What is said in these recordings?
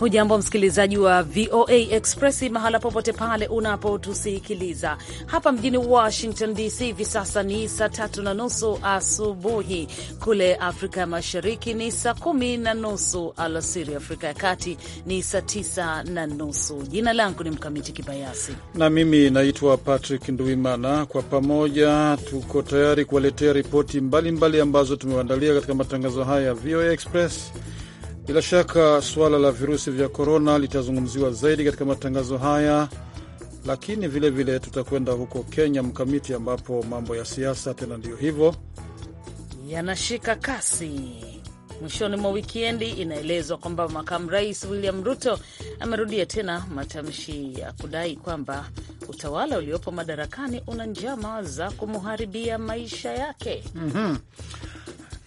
Hujambo msikilizaji wa VOA Express mahala popote pale unapotusikiliza. Hapa mjini Washington DC hivi sasa ni saa tatu na nusu asubuhi, kule Afrika Mashariki ni saa kumi na nusu alasiri, Afrika ya Kati ni saa tisa na nusu. Jina langu ni Mkamiti Kibayasi na mimi naitwa Patrick Nduimana. Kwa pamoja tuko tayari kuwaletea ripoti mbalimbali ambazo tumewandalia katika matangazo haya ya VOA Express bila shaka suala la virusi vya korona litazungumziwa zaidi katika matangazo haya, lakini vilevile tutakwenda huko Kenya, Mkamiti, ambapo mambo ya siasa tena ndiyo hivyo yanashika kasi. Mwishoni mwa wikiendi. inaelezwa kwamba makamu rais William Ruto amerudia tena matamshi ya kudai kwamba utawala uliopo madarakani una njama za kumharibia maisha yake. mm -hmm.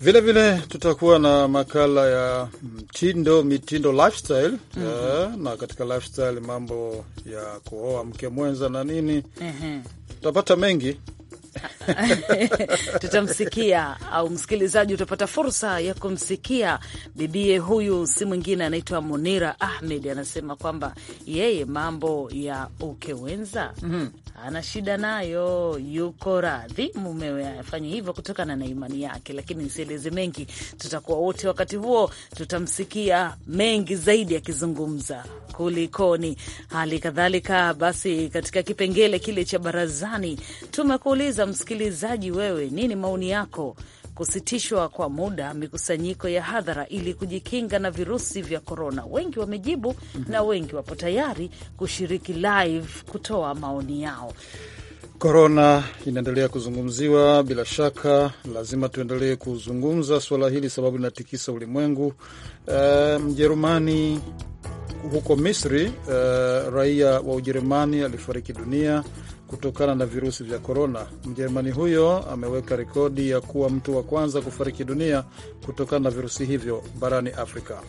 Vilevile tutakuwa na makala ya mtindo, mitindo lifestyle mm -hmm. na katika lifestyle mambo ya kuoa mke mwenza na nini mm -hmm. tutapata mengi tutamsikia au msikilizaji utapata fursa ya kumsikia bibie. Huyu si mwingine anaitwa Munira Ahmed, anasema kwamba yeye mambo ya uke wenza -hmm. ana shida nayo, yuko radhi mumewe afanye hivyo kutokana na imani yake, lakini nisieleze mengi, tutakuwa wote wakati huo, tutamsikia mengi zaidi akizungumza kulikoni. Hali kadhalika basi, katika kipengele kile cha barazani tumekuuliza Tueleza msikilizaji, wewe nini maoni yako? Kusitishwa kwa muda mikusanyiko ya hadhara ili kujikinga na virusi vya korona. Wengi wamejibu mm -hmm. na wengi wapo tayari kushiriki live kutoa maoni yao. Korona inaendelea kuzungumziwa, bila shaka lazima tuendelee kuzungumza suala hili, sababu linatikisa ulimwengu. Eh, Mjerumani um, huko Misri uh, raia wa Ujerumani alifariki dunia kutokana na virusi vya korona. Mjerumani huyo ameweka rekodi ya kuwa mtu wa kwanza kufariki dunia kutokana na virusi hivyo barani Afrika.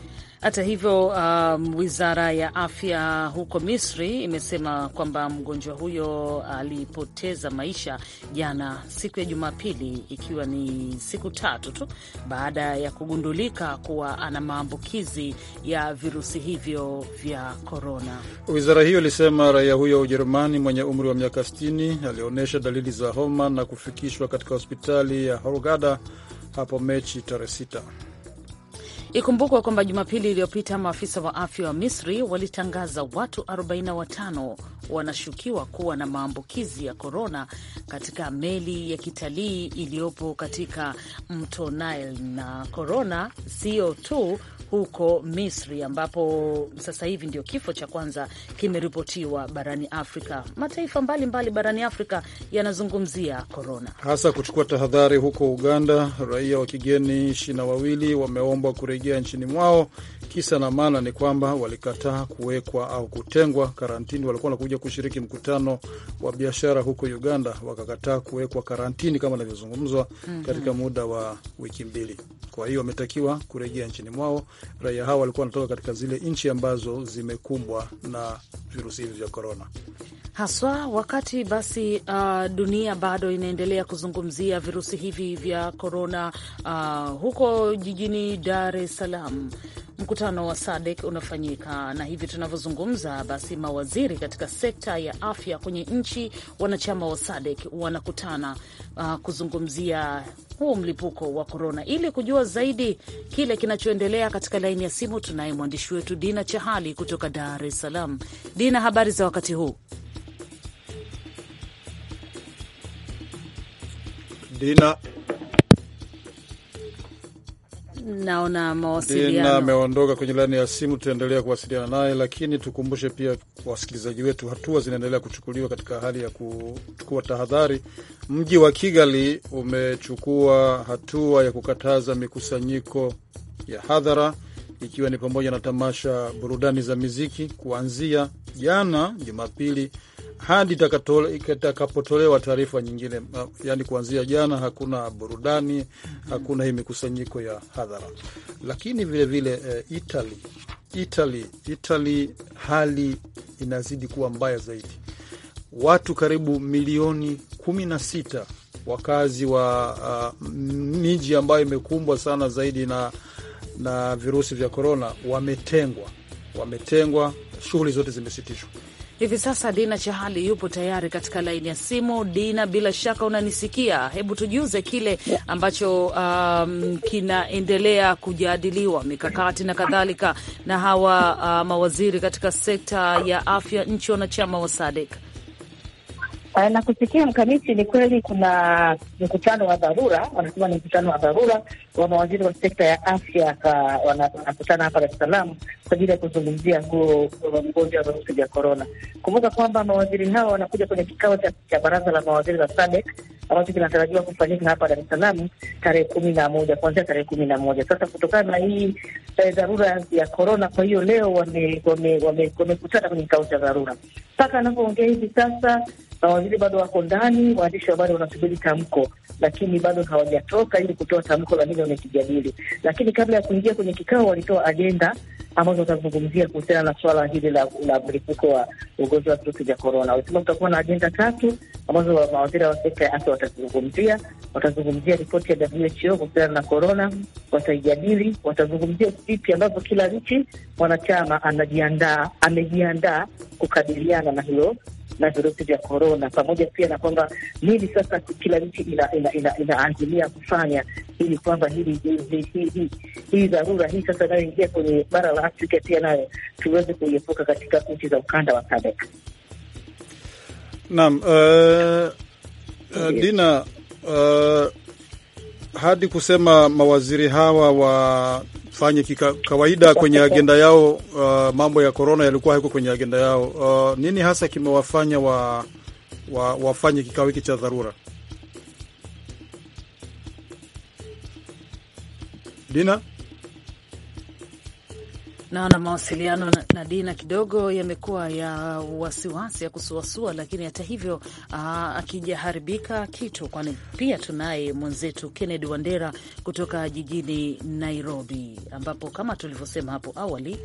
Hata hivyo, um, wizara ya afya huko Misri imesema kwamba mgonjwa huyo alipoteza maisha jana siku ya Jumapili, ikiwa ni siku tatu tu baada ya kugundulika kuwa ana maambukizi ya virusi hivyo vya korona. Wizara hiyo ilisema raia huyo wa Ujerumani mwenye umri wa miaka 60 alionyesha dalili za homa na kufikishwa katika hospitali ya Hurghada hapo Mechi tarehe 6. Ikumbukwe kwamba Jumapili iliyopita maafisa wa afya wa Misri walitangaza watu 45 wanashukiwa kuwa na maambukizi ya korona katika meli ya kitalii iliyopo katika mto Nile, na korona sio tu huko Misri, ambapo sasa hivi ndio kifo cha kwanza kimeripotiwa barani Afrika. Mataifa mbalimbali mbali barani Afrika yanazungumzia korona, hasa kuchukua tahadhari. Huko Uganda, raia wa kigeni ishirini na wawili wameombwa kurejea nchini mwao. Kisa na maana ni kwamba walikataa kuwekwa au kutengwa karantini. Walikuwa wanakuja kushiriki mkutano wa biashara huko Uganda, wakakataa kuwekwa karantini kama inavyozungumzwa mm -hmm. katika muda wa wiki mbili. Kwa hiyo wametakiwa kurejea nchini mwao raia hao walikuwa wanatoka katika zile nchi ambazo zimekumbwa na virusi hivi vya korona haswa wakati basi, uh, dunia bado inaendelea kuzungumzia virusi hivi vya korona uh, huko jijini Dar es Salaam Mkutano wa SADC unafanyika na hivi tunavyozungumza, basi mawaziri katika sekta ya afya kwenye nchi wanachama wa SADC wanakutana uh, kuzungumzia huu mlipuko wa korona. Ili kujua zaidi kile kinachoendelea, katika laini ya simu tunaye mwandishi wetu Dina Chahali kutoka Dar es Salaam. Dina, habari za wakati huu? Dina naona mawasiliano na ameondoka kwenye laini ya simu. Tutaendelea kuwasiliana naye, lakini tukumbushe pia wasikilizaji wetu, hatua zinaendelea kuchukuliwa katika hali ya kuchukua tahadhari. Mji wa Kigali umechukua hatua ya kukataza mikusanyiko ya hadhara ikiwa ni pamoja na tamasha, burudani za miziki kuanzia jana Jumapili hadi itakapotolewa taarifa nyingine. yani kuanzia jana hakuna burudani Hakuna hii mikusanyiko ya hadhara, lakini vilevile vile, e, Italy, Italy, Italy hali inazidi kuwa mbaya zaidi. Watu karibu milioni kumi na sita wakazi wa uh, miji ambayo imekumbwa sana zaidi na, na virusi vya korona wametengwa, wametengwa, shughuli zote zimesitishwa. Hivi sasa Dina Chahali yupo tayari katika laini ya simu. Dina, bila shaka unanisikia, hebu tujuze kile ambacho um, kinaendelea kujadiliwa, mikakati na kadhalika, na hawa uh, mawaziri katika sekta ya afya nchi wanachama wa SADC. Eh, na kusikia Mkamiti, ni kweli kuna mkutano wa dharura, wanasema ni mkutano wa dharura wa mawaziri wa sekta ya afya, wanakutana hapa Dar es Salaam kwa ajili ya kuzungumzia huo mgonjwa wa virusi vya korona. Kumbuka kwamba mawaziri hawa wanakuja kwenye kikao cha baraza la mawaziri la SADC ambacho kinatarajiwa kufanyika hapa Dar es Salaam tarehe kumi na moja kuanzia tarehe kumi na moja Sasa kutokana na hii eh, dharura ya korona, kwa hiyo leo wamekutana wame, wame, wame kwenye kikao cha dharura mpaka anavyoongea hivi sasa mawaziri bado wako ndani, waandishi wa habari wanasubiri tamko, lakini bado hawajatoka ili kutoa tamko la nini wamekijadili. Lakini kabla ya kuingia kwenye kikao, walitoa ajenda ambazo watazungumzia kuhusiana na swala hili la mlipuko wa ugonjwa wa virusi vya korona. Walisema kutakuwa na ajenda tatu ambazo mawaziri wa sekta ya afya watazungumzia. Watazungumzia ripoti ya WHO kuhusiana na korona, wataijadili. Watazungumzia vipi ambavyo kila nchi mwanachama anajiandaa, amejiandaa kukabiliana na hilo na virusi vya korona, pamoja pia na kwamba nini sasa kila nchi inaazimia ina, ina, ina kufanya ili kwamba hii dharura hii sasa inayoingia kwenye bara la Afrika pia nayo tuweze kuiepuka katika nchi za ukanda wa SADC. Naam, uh, uh, Dina uh, hadi kusema mawaziri hawa wa fanye kawaida kwenye agenda yao. Uh, mambo ya korona yalikuwa hayako kwenye agenda yao. Uh, nini hasa kimewafanya wa, wa, wafanye kikao hiki cha dharura? Dina Naona mawasiliano na, na Dina kidogo yamekuwa ya wasiwasi ya kusuasua, lakini hata hivyo ah, akijaharibika kitu, kwani pia tunaye mwenzetu Kennedy Wandera kutoka jijini Nairobi, ambapo kama tulivyosema hapo awali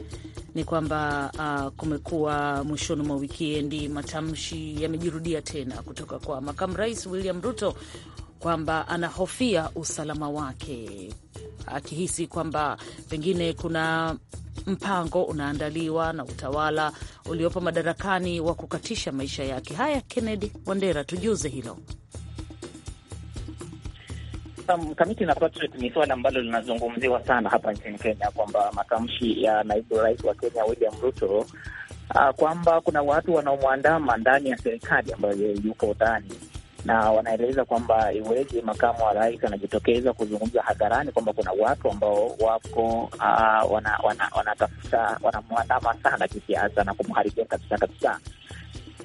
ni kwamba ah, kumekuwa mwishoni mwa wikiendi matamshi yamejirudia tena kutoka kwa makamu rais William Ruto kwamba anahofia usalama wake akihisi kwamba pengine kuna mpango unaandaliwa na utawala uliopo madarakani wa kukatisha maisha yake. Haya, Kennedy Wandera, tujuze hilo. Mkamiti na Patrick, ni suala ambalo linazungumziwa sana hapa nchini Kenya, kwamba matamshi ya naibu rais wa Kenya William Ruto ah, kwamba kuna watu wanaomwandama ndani ya serikali ambayo yuko ndani na wanaeleza kwamba iweje makamu wa rais anajitokeza kuzungumza hadharani kwamba kuna watu ambao wapo ah, wanatafuta wanamwandama sana kisiasa na kumharibia kabisa kabisa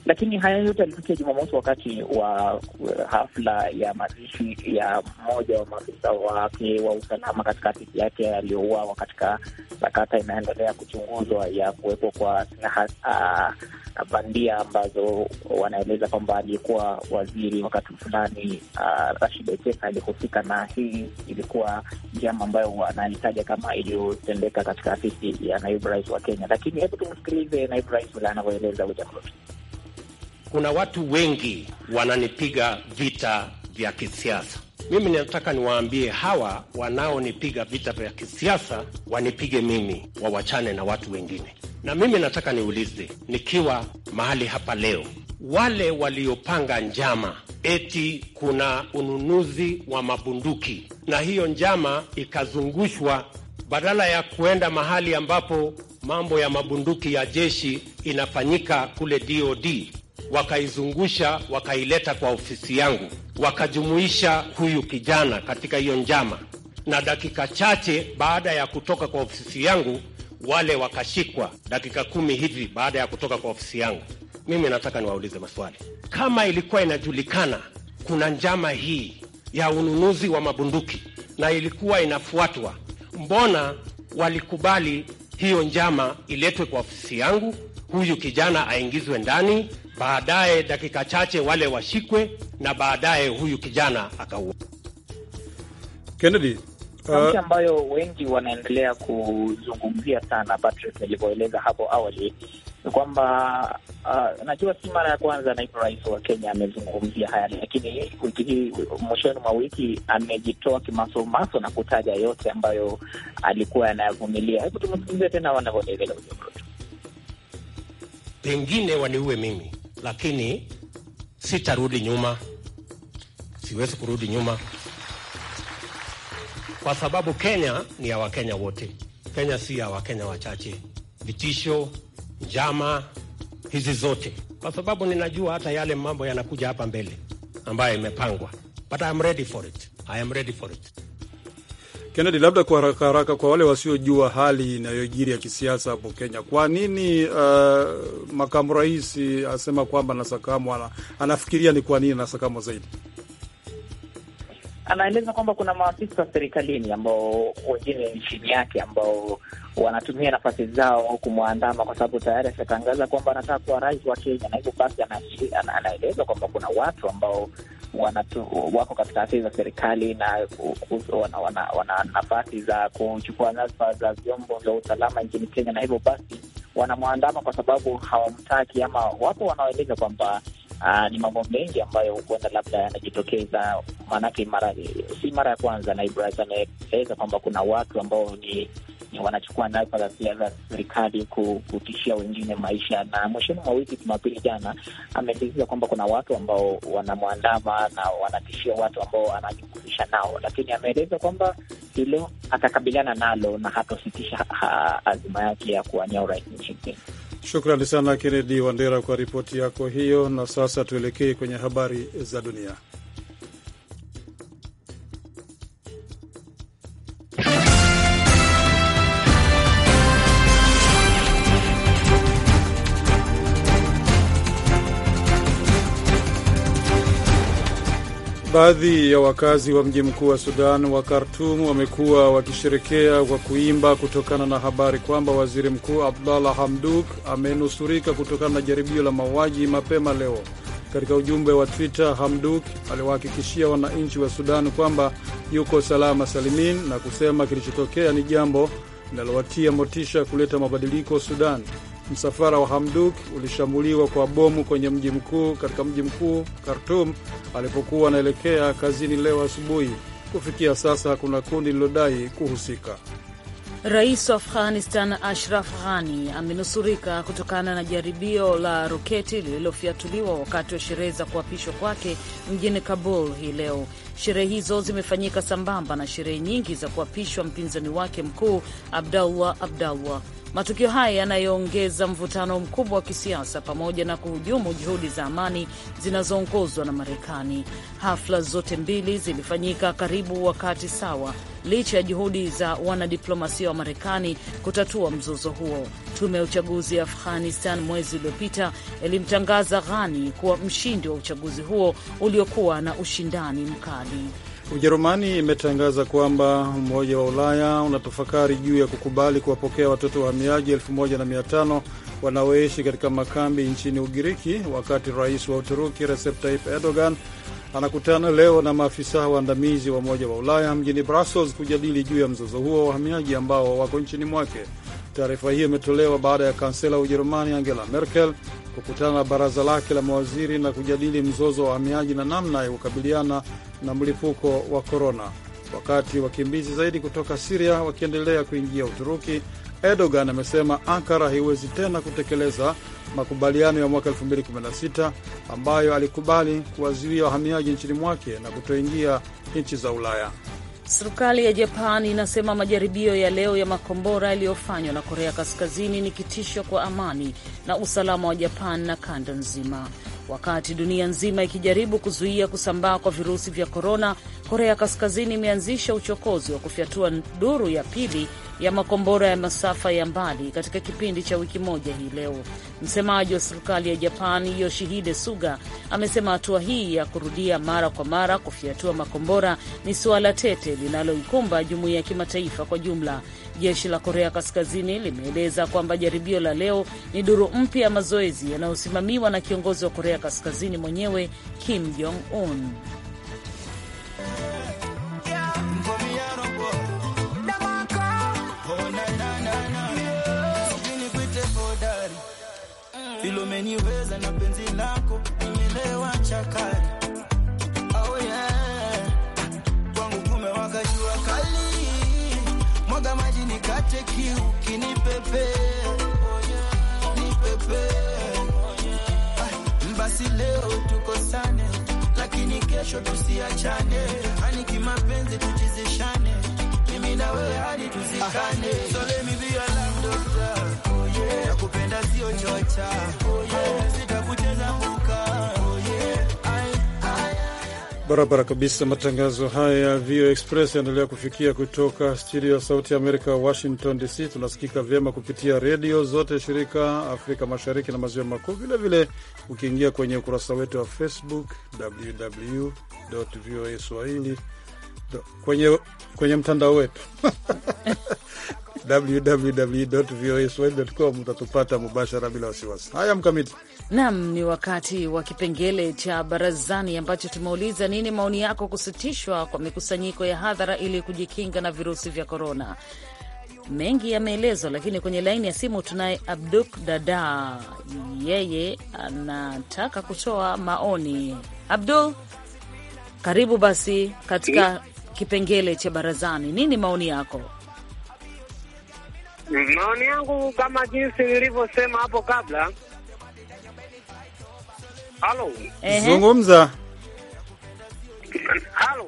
lakini haya yote yalitokea Jumamosi wakati wa uh, hafla ya mazishi ya mmoja wa maafisa wake wa usalama katika afisi yake aliyouawa katika sakata inaendelea kuchunguzwa ya kuwepo kwa silaha uh, bandia ambazo wanaeleza kwamba aliyekuwa waziri wakati fulani uh, Rashid Ekesa alihusika, na hii ilikuwa njama ambayo wanahitaja kama iliyotendeka katika afisi ya naibu rais wa Kenya. Lakini hebu tumsikilize naibu rais vile anavyoeleza kuna watu wengi wananipiga vita vya kisiasa. Mimi nataka niwaambie hawa wanaonipiga vita vya kisiasa wanipige mimi, wawachane na watu wengine. Na mimi nataka niulize, nikiwa mahali hapa leo, wale waliopanga njama eti kuna ununuzi wa mabunduki na hiyo njama ikazungushwa, badala ya kuenda mahali ambapo mambo ya mabunduki ya jeshi inafanyika kule DOD wakaizungusha wakaileta kwa ofisi yangu, wakajumuisha huyu kijana katika hiyo njama, na dakika chache baada ya kutoka kwa ofisi yangu wale wakashikwa, dakika kumi hivi baada ya kutoka kwa ofisi yangu. Mimi nataka niwaulize maswali, kama ilikuwa inajulikana kuna njama hii ya ununuzi wa mabunduki na ilikuwa inafuatwa, mbona walikubali hiyo njama iletwe kwa ofisi yangu, huyu kijana aingizwe ndani baadaye dakika chache wale washikwe na baadaye huyu kijana akauawa. Kennedy uh, ambayo wengi wanaendelea kuzungumzia sana, Patrick, nilivyoeleza hapo awali ni kwamba uh, najua si mara ya kwanza naibu rais wa Kenya amezungumzia haya, lakini wiki hii, mwishoni mwa wiki, amejitoa kimasomaso na kutaja yote ambayo alikuwa anayavumilia. Hebu tumsikilize tena wanavyoeleza. Pengine waniue mimi lakini sitarudi nyuma, siwezi kurudi nyuma kwa sababu Kenya ni ya Wakenya wote. Kenya si ya Wakenya wachache. Vitisho, njama hizi zote, kwa sababu ninajua hata yale mambo yanakuja hapa mbele ambayo imepangwa, but I am ready for it. I am ready for it. Kennedy, labda kwa haraka haraka, kwa wale wasiojua hali inayojiri ya kisiasa hapo Kenya, kwa nini uh, makamu rais asema kwamba anasakamwa? Anafikiria ni kwa nini nasakamwa zaidi? Anaeleza kwamba kuna maafisa serikalini ambao wengine chini yake ambao wanatumia nafasi zao kumwandama kwa sababu tayari ashatangaza kwamba anataka kuwa rais wa Kenya, na hivyo basi anaeleza kwamba kuna watu ambao wanatu, wako katika afisi za serikali na wana, wana, wana nafasi za kuchukua nyadhifa za vyombo vya usalama nchini Kenya, na hivyo basi wanamwandama kwa sababu hawamtaki, ama wapo wanaoeleza kwamba Aa, ah, ni mambo mengi ambayo huenda labda yanajitokeza, maanake mara si mara ya kwanza. Naibu Rais ameeleza kwamba kuna watu ambao ni wanachukua nayo za siasa za serikali kutishia wengine maisha. Na mwishoni mwa wiki, Jumapili jana, amesisitiza kwamba kuna watu ambao wanamwandama na wanatishia watu ambao anajihusisha nao, lakini ameeleza kwamba hilo atakabiliana nalo na hatositisha azima yake ya kuwania urais nchini Kenya. Shukrani sana Kennedy Wandera kwa ripoti yako hiyo, na sasa tuelekee kwenye habari za dunia. Baadhi ya wakazi wa mji mkuu wa Sudan wa Khartum wamekuwa wakisherekea kwa kuimba kutokana na habari kwamba waziri mkuu Abdallah Hamduk amenusurika kutokana na jaribio la mauaji mapema leo. Katika ujumbe wa Twitter, Hamduk aliwahakikishia wananchi wa Sudan kwamba yuko salama salimin na kusema kilichotokea ni jambo linalowatia motisha kuleta mabadiliko Sudan. Msafara wa Hamduk ulishambuliwa kwa bomu kwenye mji mkuu katika mji mkuu Khartum alipokuwa anaelekea kazini leo asubuhi. Kufikia sasa hakuna kundi lililodai kuhusika. Rais wa Afghanistan Ashraf Ghani amenusurika kutokana na jaribio la roketi lililofyatuliwa wakati wa sherehe za kuapishwa kwake mjini Kabul hii leo. Sherehe hizo zimefanyika sambamba na sherehe nyingi za kuapishwa mpinzani wake mkuu Abdallah Abdallah Matukio haya yanayoongeza mvutano mkubwa wa kisiasa pamoja na kuhujumu juhudi za amani zinazoongozwa na Marekani. Hafla zote mbili zilifanyika karibu wakati sawa, licha ya juhudi za wanadiplomasia wa Marekani kutatua mzozo huo. Tume ya uchaguzi ya Afghanistan mwezi uliopita ilimtangaza Ghani kuwa mshindi wa uchaguzi huo uliokuwa na ushindani mkali. Ujerumani imetangaza kwamba Umoja wa Ulaya unatafakari juu ya kukubali kuwapokea watoto wahamiaji 15 wanaoishi katika makambi nchini Ugiriki, wakati rais wa Uturuki Recep Tayyip Erdogan anakutana leo na maafisa waandamizi wa Umoja wa Ulaya mjini Brussels kujadili juu ya mzozo huo wa wahamiaji ambao wako nchini mwake. Taarifa hiyo imetolewa baada ya kansela wa Ujerumani Angela Merkel kukutana na baraza lake la mawaziri na kujadili mzozo wa wahamiaji na namna ya kukabiliana na mlipuko wa korona. Wakati wakimbizi zaidi kutoka Siria wakiendelea kuingia Uturuki, Erdogan amesema Ankara haiwezi tena kutekeleza makubaliano ya mwaka 2016 ambayo alikubali kuwazuia wahamiaji nchini mwake na kutoingia nchi za Ulaya. Serikali ya Japan inasema majaribio ya leo ya makombora yaliyofanywa na Korea Kaskazini ni kitisho kwa amani na usalama wa Japan na kanda nzima. Wakati dunia nzima ikijaribu kuzuia kusambaa kwa virusi vya korona, Korea Kaskazini imeanzisha uchokozi wa kufyatua duru ya pili ya makombora ya masafa ya mbali katika kipindi cha wiki moja hii leo. Msemaji wa serikali ya Japan, Yoshihide Suga, amesema hatua hii ya kurudia mara kwa mara kufyatua makombora ni suala tete linaloikumba jumuiya ya kimataifa kwa jumla, Jeshi la Korea Kaskazini limeeleza kwamba jaribio la leo ni duru mpya ya mazoezi yanayosimamiwa na kiongozi wa Korea Kaskazini mwenyewe Kim Jong Un. Yeah, kesho tusiachane, ani kimapenzi tuchezeshane, mimi na wewe hadi tuzikane. Sole mi me be oh your love doctor, nakupenda sio oh yeah. Barabara kabisa. Matangazo haya ya VOA Express yanaendelea kufikia kutoka studio ya Sauti ya Amerika, Washington DC. Tunasikika vyema kupitia redio zote shirika Afrika Mashariki na Maziwa Makuu, vilevile ukiingia kwenye ukurasa wetu wa Facebook www voa swahili kwenye, kwenye mtandao wetu www.voaswahili.com utatupata mubashara bila wasiwasi. Haya, Mkamiti nam, ni wakati wa kipengele cha barazani ambacho tumeuliza nini maoni yako kusitishwa kwa mikusanyiko ya hadhara ili kujikinga na virusi vya korona. Mengi yameelezwa, lakini kwenye laini ya simu tunaye Abduk Dada, yeye anataka kutoa maoni. Abdul, karibu basi katika kipengele cha barazani, nini maoni yako? Maoni yangu kama jinsi nilivyosema hapo kabla. Halo, zungumza. Halo,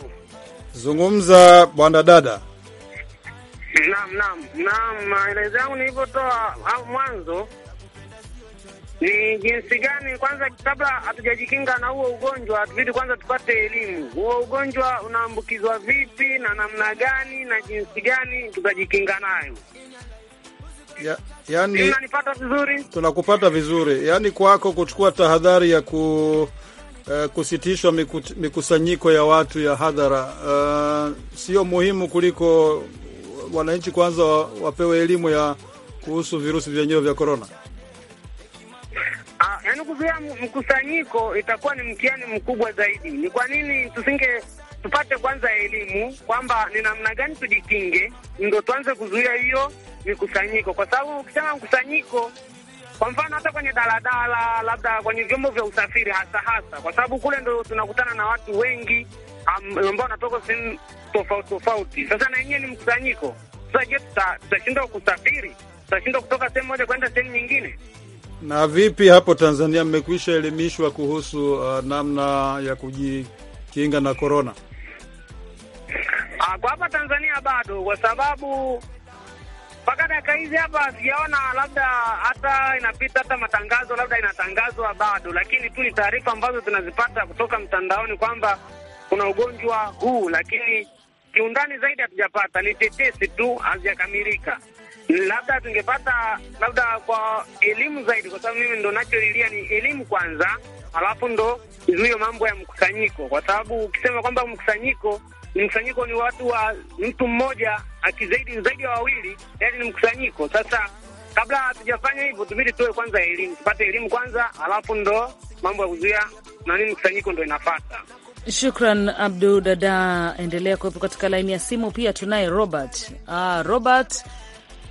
zungumza bwana dada. Naam, naam, naam, maelezo yangu nilivyotoa hapo mwanzo ni jinsi gani, kwanza kabla hatujajikinga na huo ugonjwa, tubidi kwanza tupate elimu, huo ugonjwa unaambukizwa vipi na namna gani na jinsi gani tutajikinga nayo ya, yani, vizuri? Tunakupata vizuri. Yaani kwako kuchukua tahadhari ya ku Uh, kusitishwa mikusanyiko ya watu ya hadhara uh, sio muhimu kuliko wananchi kwanza wapewe elimu ya kuhusu virusi vyenyewe vya korona? yaani kuzuia mkusanyiko itakuwa ni mtihani mkubwa zaidi. Ni kwa nini tusinge tupate kwanza elimu kwamba ni namna gani tujikinge, ndo tuanze kuzuia hiyo mikusanyiko, kwa sababu ukisema mkusanyiko kwa mfano hata kwenye daladala, labda kwenye vyombo vya usafiri, hasa hasa kwa sababu kule ndo tunakutana na watu wengi ambao um, wanatoka sehemu tofauti tofauti. Sasa na yenyewe ni mkusanyiko. Sasa je, tutashindwa kusafiri? Tutashindwa kutoka sehemu moja kwenda sehemu nyingine? Na vipi hapo Tanzania, mmekwisha elimishwa kuhusu uh, namna ya kujikinga na korona? Ah, kwa hapa Tanzania bado, kwa sababu mpaka dakika hizi hapa sijaona, labda hata inapita hata matangazo, labda inatangazwa bado, lakini tu ni taarifa ambazo tunazipata kutoka mtandaoni kwamba kuna ugonjwa huu, lakini kiundani zaidi hatujapata, ni tetesi tu, hazijakamilika labda tungepata labda kwa elimu zaidi, kwa sababu mimi ndo nacholilia ni elimu kwanza, alafu ndo izuio mambo ya mkusanyiko, kwa sababu ukisema kwamba mkusanyiko ni mkusanyiko, ni watu wa mtu mmoja akizaidi zaidi ya wawili, yani ni mkusanyiko. Sasa kabla hatujafanya hivyo, tubidi tuwe kwanza elimu, tupate elimu kwanza, alafu ndo mambo ya kuzuia nani mkusanyiko ndo inafata. Shukran Abdu Dada, endelea kuwepo katika laini ya simu. Pia tunaye Robert. Ah, Robert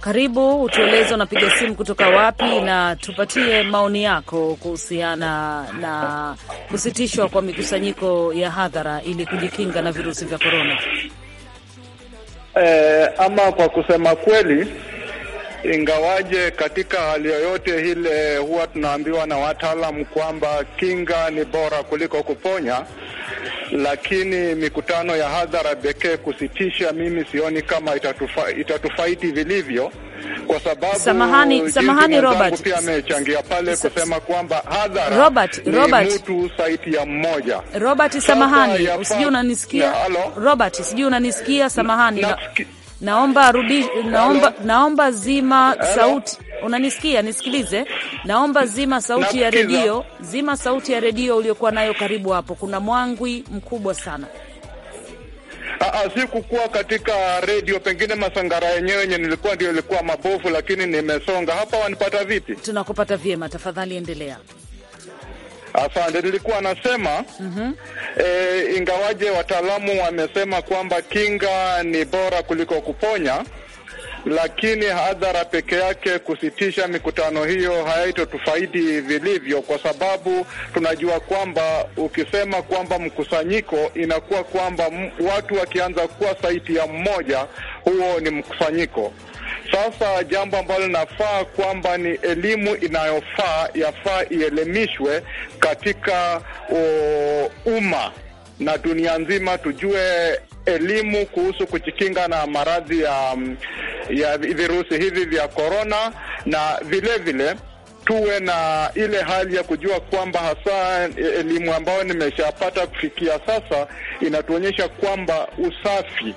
karibu utueleze unapiga simu kutoka wapi, na tupatie maoni yako kuhusiana na kusitishwa kwa mikusanyiko ya hadhara ili kujikinga na virusi vya korona. Eh, ama kwa kusema kweli, ingawaje katika hali yoyote ile huwa tunaambiwa na wataalamu kwamba kinga ni bora kuliko kuponya lakini mikutano ya hadhara pekee kusitisha, mimi sioni kama itatufa, itatufaiti vilivyo, kwa sababu samahani, samahani Robert pia amechangia pale kusema kwamba hadhara Robert, ni Robert, mtu saiti ya mmoja Robert, samahani, usijui unanisikia Robert, sijui unanisikia, samahani na, na, Naomba rudi, naomba, naomba zima sauti. Unanisikia? Nisikilize. Naomba zima sauti ya redio, zima sauti ya redio uliokuwa nayo karibu hapo. Kuna mwangwi mkubwa sana. Ah, ah, sikukuwa katika redio, pengine masangara yenyewe yenye nilikuwa ndio ilikuwa mabovu, lakini nimesonga hapa. Wanipata vipi? Tunakupata vyema, tafadhali endelea. Asante, nilikuwa nasema mm -hmm. E, ingawaje wataalamu wamesema kwamba kinga ni bora kuliko kuponya, lakini hadhara peke yake kusitisha mikutano hiyo hayaitotufaidi vilivyo, kwa sababu tunajua kwamba ukisema kwamba mkusanyiko, inakuwa kwamba watu wakianza kuwa saiti ya mmoja, huo ni mkusanyiko. Sasa jambo ambalo linafaa kwamba ni elimu inayofaa yafaa ielemishwe katika umma na dunia nzima, tujue elimu kuhusu kujikinga na maradhi ya, ya virusi hivi vya korona, na vilevile vile tuwe na ile hali ya kujua kwamba hasa e, elimu ambayo nimeshapata kufikia sasa inatuonyesha kwamba usafi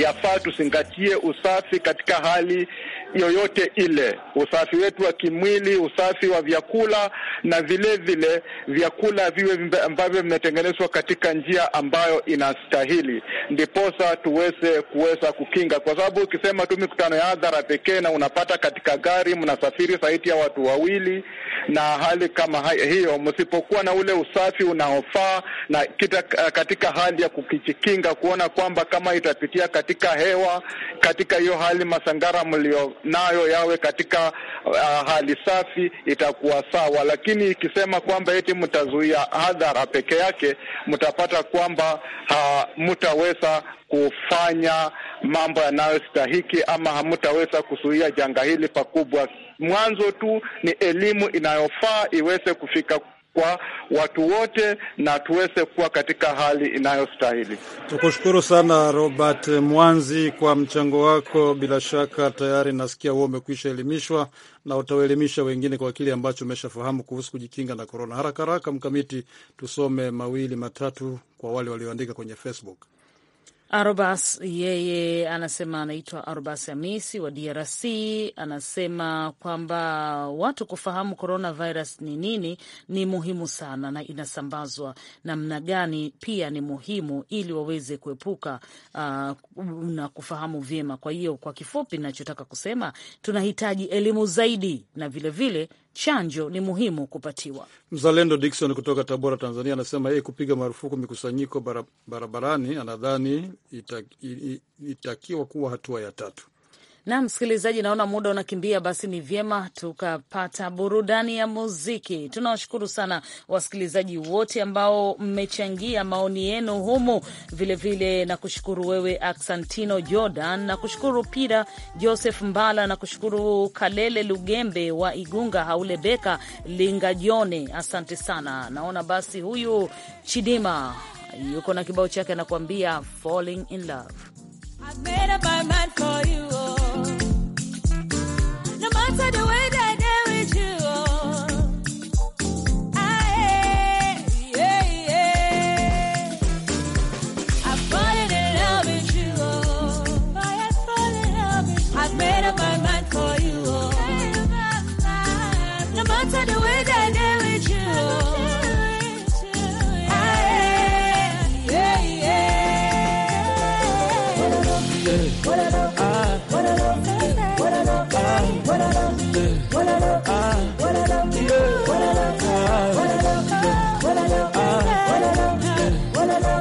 yafaa tuzingatie usafi katika hali yoyote ile, usafi wetu wa kimwili, usafi wa vyakula, na vile vile vyakula viwe ambavyo vimetengenezwa katika njia ambayo inastahili, ndiposa tuweze kuweza kukinga, kwa sababu ukisema tu mikutano ya hadhara pekee, na unapata katika gari mnasafiri zaidi ya watu wawili, na hali kama hiyo, msipokuwa na ule usafi unaofaa na kita, katika hali ya kukijikinga, kuona kwamba kama itapitia katika hewa, katika hiyo hali masangara mlio nayo yawe katika uh, hali safi, itakuwa sawa. Lakini ikisema kwamba eti mtazuia hadhara peke yake, mtapata kwamba uh, mtaweza kufanya mambo yanayostahiki ama hamtaweza kuzuia janga hili pakubwa. Mwanzo tu ni elimu inayofaa iweze kufika kwa watu wote na tuweze kuwa katika hali inayostahili. Tukushukuru sana Robert Mwanzi kwa mchango wako. Bila shaka tayari nasikia huo umekwisha elimishwa na utawaelimisha wengine kwa kile ambacho umeshafahamu kuhusu kujikinga na korona. Haraka haraka, Mkamiti, tusome mawili matatu kwa wale walioandika kwenye Facebook. Arobas yeye anasema anaitwa Arobas amisi wa DRC. Anasema kwamba watu kufahamu coronavirus ni nini ni muhimu sana, na inasambazwa namna gani pia ni muhimu, ili waweze kuepuka uh, na kufahamu vyema. Kwa hiyo kwa kifupi, nachotaka kusema tunahitaji elimu zaidi na vilevile vile, chanjo ni muhimu kupatiwa. Mzalendo Dikson kutoka Tabora, Tanzania, anasema yeye kupiga marufuku mikusanyiko barabarani anadhani itakiwa kuwa hatua ya tatu. Na msikilizaji, naona muda unakimbia, basi ni vyema tukapata burudani ya muziki. Tunawashukuru sana wasikilizaji wote ambao mmechangia maoni yenu humu, vilevile vile, na kushukuru wewe Aksantino Jordan, na kushukuru Pira Joseph Mbala, na kushukuru Kalele Lugembe wa Igunga, Haulebeka Lingajone, asante sana. Naona basi huyu Chidima yuko na kibao chake anakuambia falling in love. Oh. said away. Wanaloka, wanaloka, wanaloka, wanaloka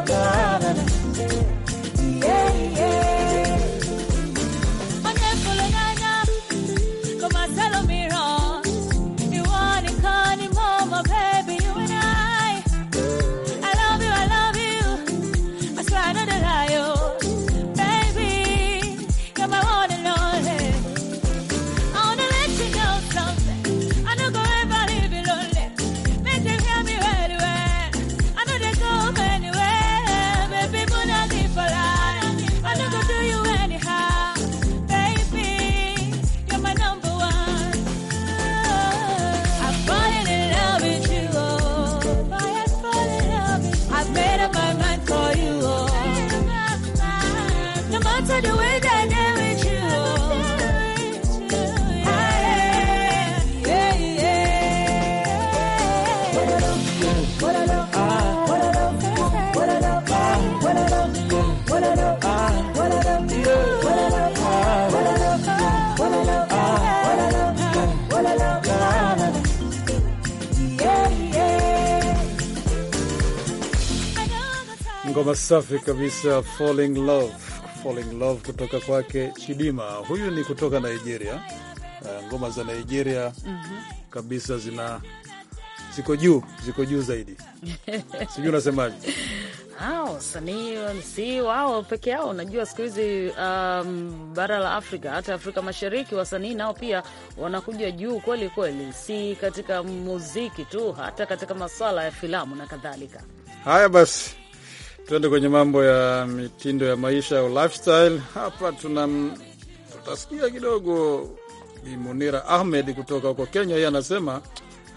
ngoma safi kabisa, falling love, falling love kutoka kwake Chidima. Huyu ni kutoka Nigeria. Uh, ngoma za Nigeria mm -hmm. kabisa zina ziko juu, ziko juu zaidi sijui unasemaje? Wasanii si wao peke yao. Unajua siku hizi um, bara la Afrika hata Afrika Mashariki, wasanii nao pia wanakuja juu kweli kweli, si katika muziki tu, hata katika maswala ya filamu na kadhalika. Haya basi. Tuende kwenye mambo ya mitindo ya maisha au lifestyle. Hapa tuna tutasikia kidogo Munira Ahmed kutoka huko Kenya. Yeye anasema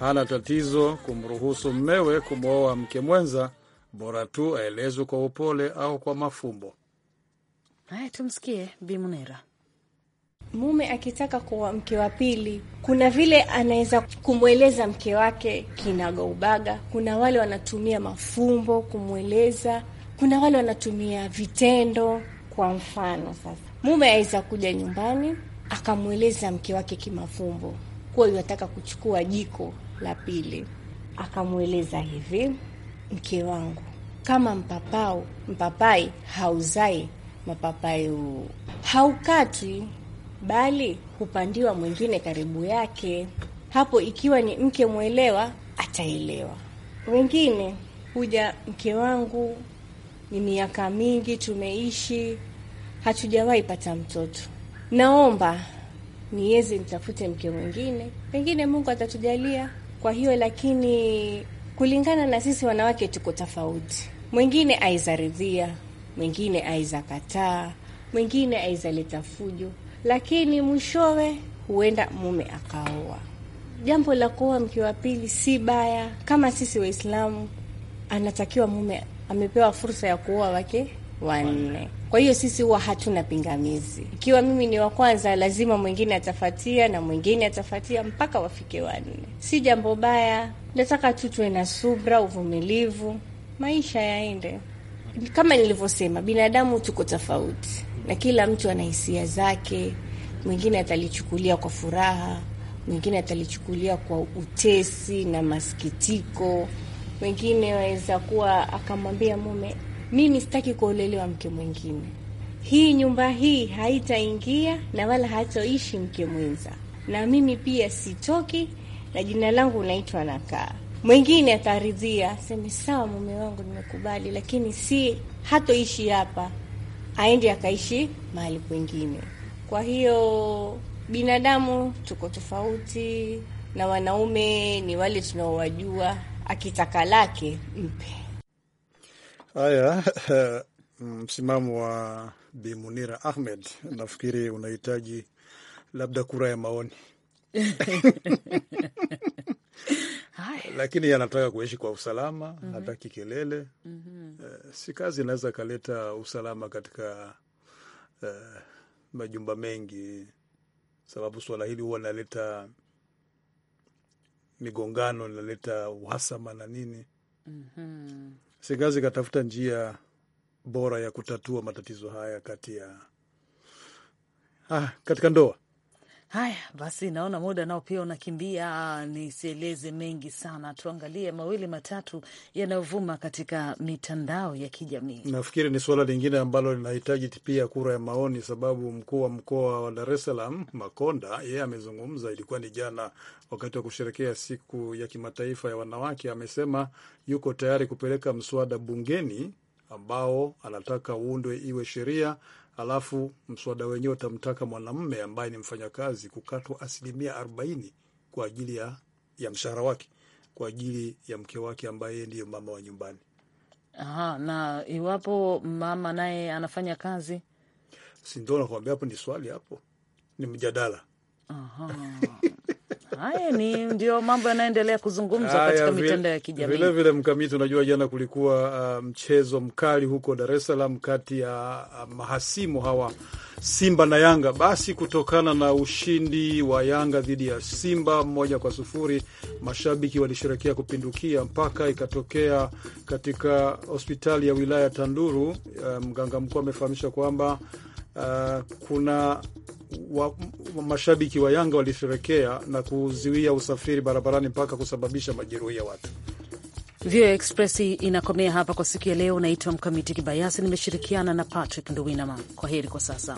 hana tatizo kumruhusu mmewe kumwoa mke mwenza, bora tu aelezwe kwa upole au kwa mafumbo. Haya, tumsikie Bi Munira. Mume akitaka kuwa mke wa pili, kuna vile anaweza kumweleza mke wake kinagaubaga. Kuna wale wanatumia mafumbo kumweleza kuna wale wanatumia vitendo. Kwa mfano sasa, mume aweza kuja nyumbani akamweleza mke wake kimafumbo kuwa yataka kuchukua jiko la pili, akamweleza hivi, mke wangu, kama mpapao mpapai hauzai mapapai, haukatwi bali hupandiwa mwingine karibu yake. Hapo ikiwa ni mke mwelewa, ataelewa. Wengine huja, mke wangu ni miaka mingi tumeishi, hatujawahi pata mtoto. Naomba niweze nitafute mke mwingine, pengine Mungu atatujalia. Kwa hiyo lakini kulingana na sisi wanawake tuko tofauti, mwingine ridhia mwingine kataa, mwingine leta fujo, lakini mwishowe huenda mume akaoa. Jambo la kuoa mke wa pili si baya. Kama sisi Waislamu, anatakiwa mume amepewa fursa ya kuoa wake wanne. Kwa hiyo sisi huwa hatuna pingamizi. Ikiwa mimi ni wa kwanza, lazima mwingine atafatia na mwingine atafatia mpaka wafike wanne. Si jambo baya, nataka tu tuwe na subra, uvumilivu, maisha yaende. Kama nilivyosema, binadamu tuko tofauti na kila mtu ana hisia zake. Mwingine atalichukulia kwa furaha, mwingine atalichukulia kwa utesi na masikitiko. Wengine waweza kuwa akamwambia mume, mimi sitaki kuolelewa mke mwingine, hii nyumba hii haitaingia na wala hatoishi mke mwenza, na mimi pia sitoki, na jina langu naitwa nakaa. Mwingine ataridhia aseme, sawa mume wangu, nimekubali, lakini si hatoishi hapa, aende akaishi mahali kwengine. Kwa hiyo binadamu tuko tofauti, na wanaume ni wale tunaowajua akitaka lake mpe. Haya, msimamo wa Bi Munira Ahmed nafikiri unahitaji labda kura ya maoni lakini anataka kuishi kwa usalama mm -hmm. Hataki kelele mm -hmm. Si kazi inaweza kaleta usalama katika uh, majumba mengi, sababu suala hili huwa naleta migongano, linaleta uhasama na nini. mm -hmm. Serikali zikatafuta njia bora ya kutatua matatizo haya kati ya ah, katika ndoa Haya basi, naona muda nao pia unakimbia, nisieleze mengi sana. Tuangalie mawili matatu yanayovuma katika mitandao ya kijamii. Nafikiri ni suala lingine ambalo linahitaji pia kura ya maoni, sababu mkuu wa mkoa wa Dar es Salaam Makonda yeye yeah, amezungumza, ilikuwa ni jana wakati wa kusherekea siku ya kimataifa ya wanawake. Amesema yuko tayari kupeleka mswada bungeni ambao anataka uundwe iwe sheria alafu mswada wenyewe utamtaka mwanamume ambaye ni mfanyakazi kukatwa asilimia arobaini kwa ajili ya, ya mshahara wake kwa ajili ya mke wake ambaye yeye ndiyo mama wa nyumbani. Aha, na iwapo mama naye anafanya kazi, si nakuambia nakwambia hapo ni swali, hapo ni mjadala. Haya ni ndio mambo yanayoendelea kuzungumzwa katika mitandao ya kijamii. Vile vile mkamiti, unajua jana kulikuwa uh, mchezo mkali huko Dar es Salaam kati ya uh, mahasimu hawa Simba na Yanga. Basi kutokana na ushindi wa Yanga dhidi ya Simba moja kwa sufuri, mashabiki walisherekea kupindukia mpaka ikatokea katika hospitali ya wilaya Tanduru. Uh, mganga mkuu amefahamisha kwamba uh, kuna wa, mashabiki wa Yanga walisherekea na kuzuia usafiri barabarani mpaka kusababisha majeruhi ya watu. VOA Express inakomea hapa kwa siku ya leo. Naitwa Mkamiti Kibayasi, nimeshirikiana na Patrick Nduwinama. Kwa heri kwa sasa.